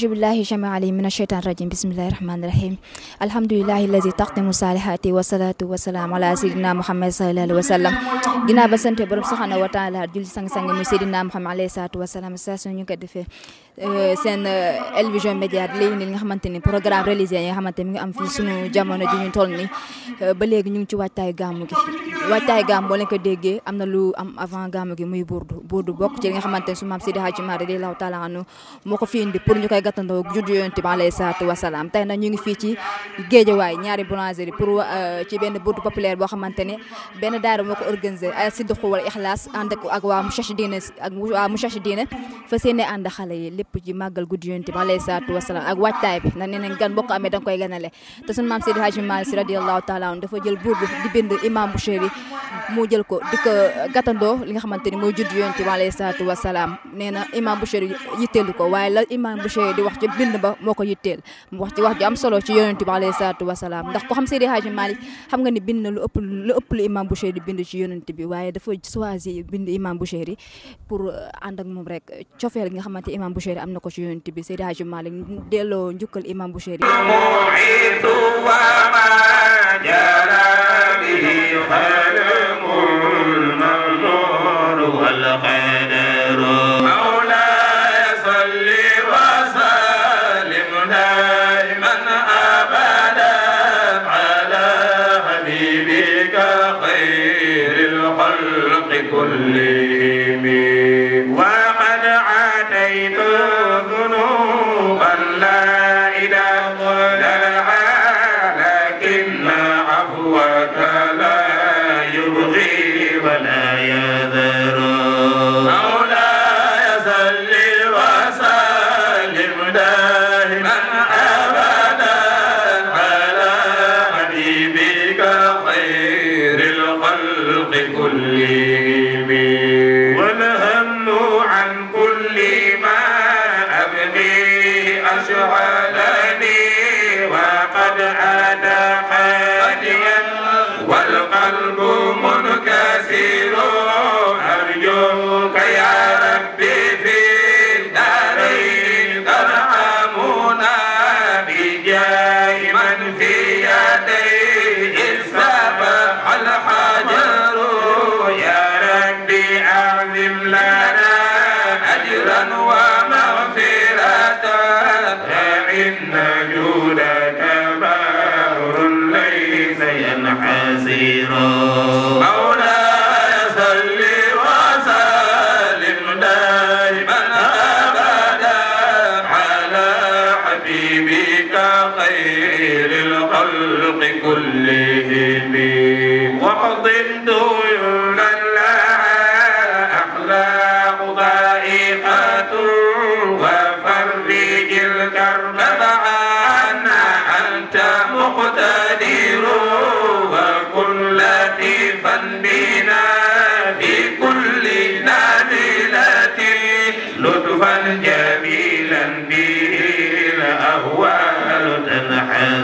أعوذ بالله جميع علي من الشيطان الرجيم بسم الله الرحمن الرحيم الحمد لله الذي تقدم صالحات والصلاة والسلام على سيدنا محمد صلى الله عليه وسلم ginnaaw ba sante borom subhanahu wa taala julli sang-sang mi Seydina Muhammad alayhi salaatu wasalaam station ñu ngi ko defee eh, seen eh, Elvision Média léegi nii li nga xamante ni programme religieux yi nga xamante mi ngi am fii sunu jamono ji ñu toll ni eh, ba léegi ñu ngi ci waajtaayu gàmmu gi waajtaay gàmm boo leen ko déggee am na lu am avant gàmm gi muy burdu burdu bokk ci li nga xamante ne su maam Seydi Hadji Malick radiyallahu taala anhu moo ko fi ñu koy gàttandoo juddu yonent bi alayhi salaatu wasalaam tey pour euh, ci benn burdu populaire boo xamante ne benn daara moo ko organisé ay euh, sidqu wala ixlaas ànd ak waa muchachi diine ak waa muchachi diine fa seene ànd xale yi lépp ci màggal guddi yonent bi alayhi salaatu wasalaam ak waajtaay bi na nee nañ gan boo ko amee danga koy dafa jël burdu di bind imam Bouchayri mu jël ko di ko li nga xamante ni mooy judd yonent bi alayhi salaatu wasalaam nee na imam Bouchayri yitteelu ko waaye la imam Bouchayri di wax ci bind ba moo ko yitteel mu wax ci wax ju am solo ci yonent bi alayhi salaatu wasalaam ndax ko xam Seydi Hadji Malick xam nga ni bind lu ëpp lu ëpp lu imam di bind ci yonent bi waaye dafa choisir bind imam Bouchayri pour uh, ànd a moom rek cofeel nga xamante ni bu Bouchayri am na ko ci tibi bi Seydi Hadji Malick delloo njukkal imam Bouchayri به قلم المغرور والقدر مولاي صل وسلم دائما ابدا على حبيبك خير الخلق كلهم Amen. جودك بحر ليس مولاي صل وسلم دائما ابدا على حبيبك خير الخلق كلهم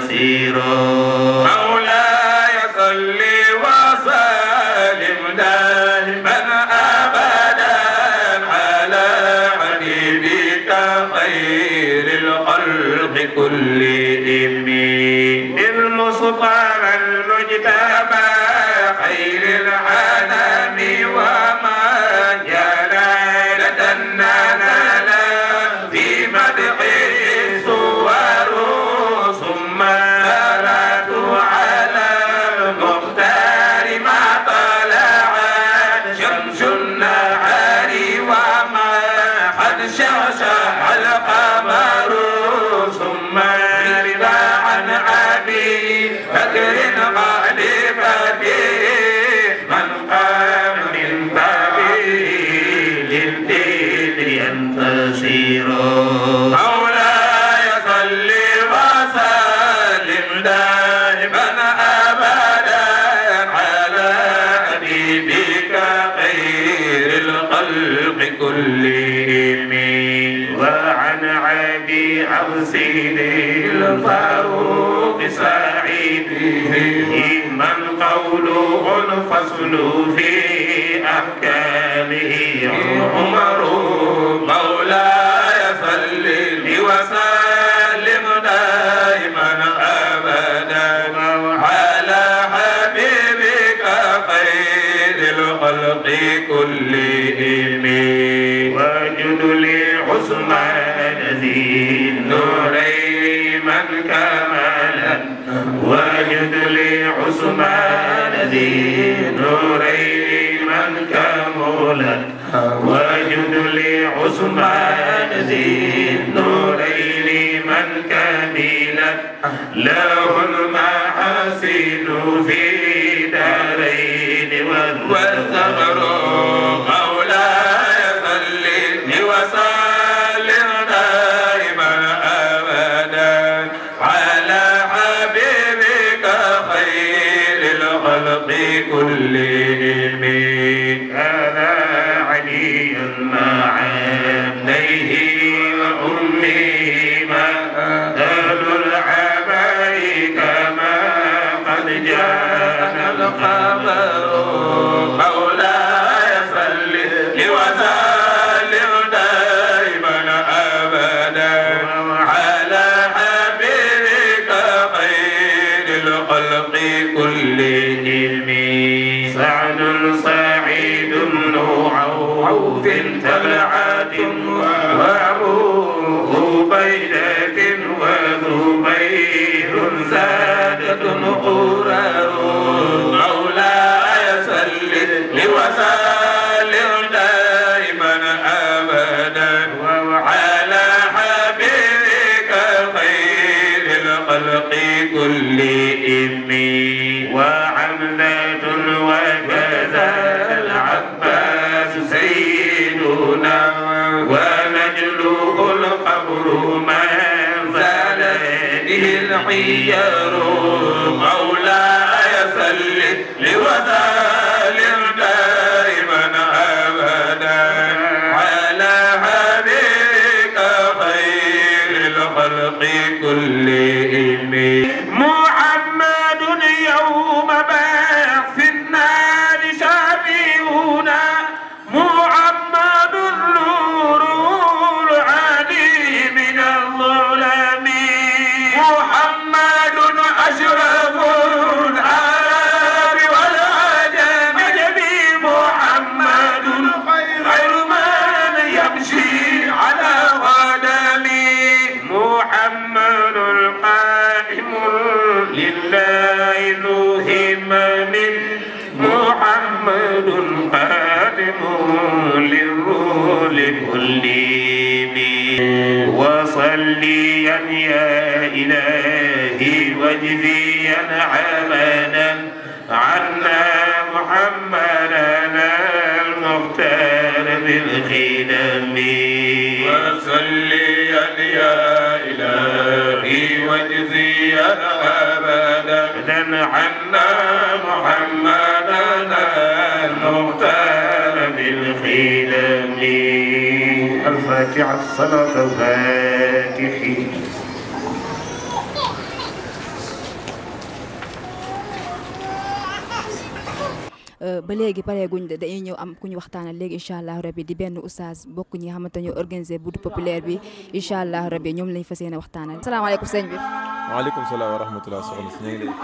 مسيرا مولاي صل وسلم دائما ابدا على حبيبك خير الخلق كلهم المصطفى وعن عبي عرسين الفاروق سعيده إما القول الفصل في أحكامه عمر مولاي صل وسلم دائما أبدا على حبيبك خير الخلق كلهم وجد لي عثمان ذي النورين كمالا واجد لعثمان ذي النورين من كمولا واجد لعثمان ذي النورين من كميلا له المحاسن في دارين والثغر بكل عوف قبل عاد وأبوه بيدة وزبير سادة قرار مولاي صل لوسالم دائما أبدا وعلى حبيبك خير الخلق كلهم به العيار مولاي صل لوثاق الذي ينعمنا عنا محمدا المختار بالخدم وصلي يا إلهي واجزي أبدا عنا محمدا المختار بالخدم الفاتحة الصلاة الفاتحين ba léegi pareeguñ dañuy ñëw am ku ñu waxtaanal léegi rabbi allah rabi di benn oustaz bokk ñi nga xamante ñoo organisé buddu populaire bi incha rabbi rabi ñoom lañ fas yéene waxtaanal salaamaaleykum sëñ bi waaleykum salaam wa rahmatullah soxna si ñu ngi lay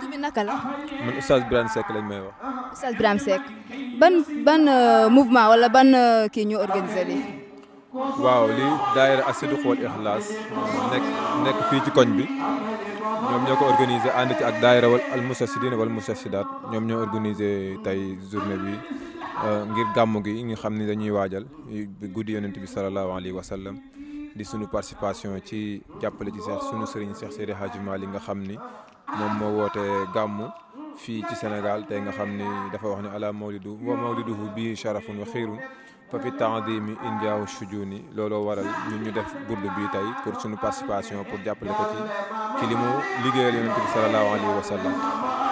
tur bi naka man oustaz Birame sek lañ may wax oustaz Birame Seck ban ban mouvement wala ban kii ñu organisé lii waaw li daayira asidu sidq wal Ixlaas nekk nekk fii ci koñ bi ñoom ñoo ko organisé ànd ci ak daayira al mustasidin wal mustasidate ñoom ñoo organisé tey journée bi ngir gàmmu gi nga xam ne dañuy waajal guddi yonent bi salallaahu alayhi wa di sunu participation ci jàppale ci seex sunu sëriñ Seex Seydi Hadji Malick nga xam ni moom moo woote gàmmu fii ci Sénégal tey nga xam ni dafa wax ne ala mawlidu wa mawliduhu bii sharafun wa xiirun papi taandimi indiaw sujuni looloo waral ñu def burdu bii tey pour suñu participation pour jàppale ko ci ci li mu liggéeyal yonent bi salallaahu alayhi wa sallam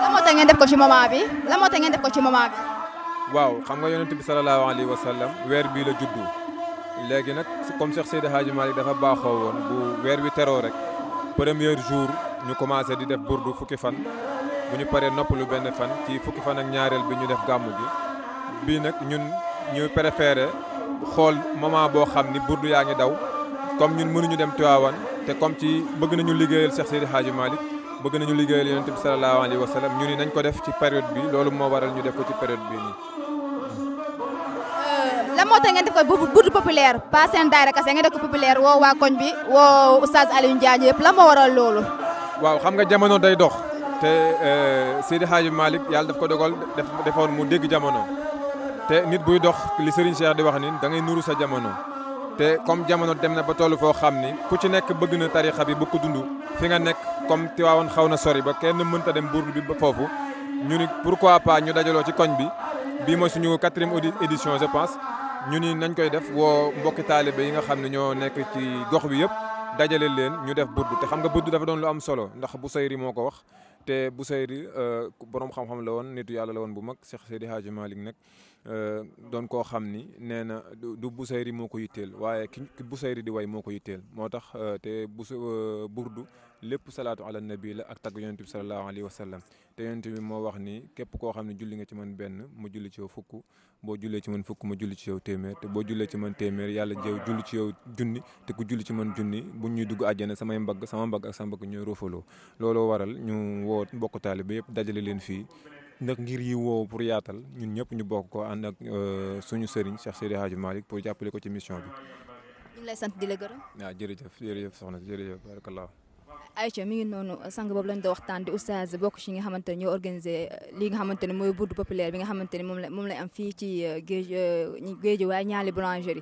la moo tax ngeen def ko ci moment bi la moo tax ngeen def waaw xam nga yonent bi salallaahu alayhi weer bii la juddu léegi nag comme Cheikh Seydi Hadji Malick dafa baaxoo woon bu weer wi teroo rek premier jour ñu commencé di def burdu fukki fan bu ñu paree noppalu benn fan ci fukki fan ak ñaareel bi ñu def gàmmu gi ñu préféré xool moment boo xam ni burdu yaa ngi daw comme ñun mënuñu dem Tiwaawan te comme ci bëgg nañu liggéeyal Cheikh Seydi Hadji Malick bëgg nañu liggéeyal yonent bi salallaahu alayhi wa sallam ñu ni nañ ko def ci période bi loolu moo waral ñu def ko ci période bi nii. Euh, lan moo tax ngeen def ko burdu populaire pas seen daayira kese ngeen def waa koñ waaw xam nga jamono day dox te euh, Seydi Hadji Malick yàlla daf ko dogal defoon mu dégg jamono. te nit buy dox li Serigne Cheikh di wax ni da ngay nuru sa jamono te comme jamono dem na ba toll foo xam ni ku ci nekk bëgg na tarixa bi bu ko dund fi nga nekk comme woon xaw na sori ba kenn mënta dem burdu bi ba foofu ñu ni pour pourquoi pas ñu dajaloo ci koñ bi bii moo mooy suñu quatrième édition je pense ñu ni nañ koy def woo mbokki taalibe yi nga xam ne ñoo nekk ci gox bi yëpp dajale leen ñu def burdu te xam nga burdu dafa doon lu am solo ndax Busayri moo ko wax te Busayri euh, borom xam la woon nitu yàlla la woon bu mag Cheikh Seydi Hadji Malick nag Euh, doon koo xam ni nee na du Busayri moo ko yitteel waaye ki Busayri di way moo ko yitteel moo tax euh, te bu euh, burdu lépp salaatu ala nabi la ak tagg yonent bi salallaahu alayhi wa sallam te yonent bi moo wax ni képp koo xam ne julli nga ci man benn mu julli ci yow fukk boo jullee ci man fukk mu julli ci yow téeméer te boo jullee ci man téeméer yàlla jëw julli ci yow junni te ku julli ci man junni bu ñuy dugg àjjana samay mbagg sama ak sama mbagg ñooy looloo waral ñu woo mbokk taalibe yëpp dajale leen fii ndax ngir yi woowu pour yaatal ñun ñëpp ñu bokk ko ànd ak euh, suñu sëriñ Cheikh Seydi Hadji Malick pour jàppale ko ci mission bi. ñu lay sant di la gërëm. waaw jërëjëf jërëjëf soxna si jërëjëf barakallah. Aïcha mi ngi noonu sang boobu lañ doon waxtaan di oustaz bokk ci nga xamante ni ñoo organisé euh, nga xamante ni mooy buddu populaire bi nga xamante ni moom la moom lay am fii ci euh, géej géej waaye ñaali boulangerie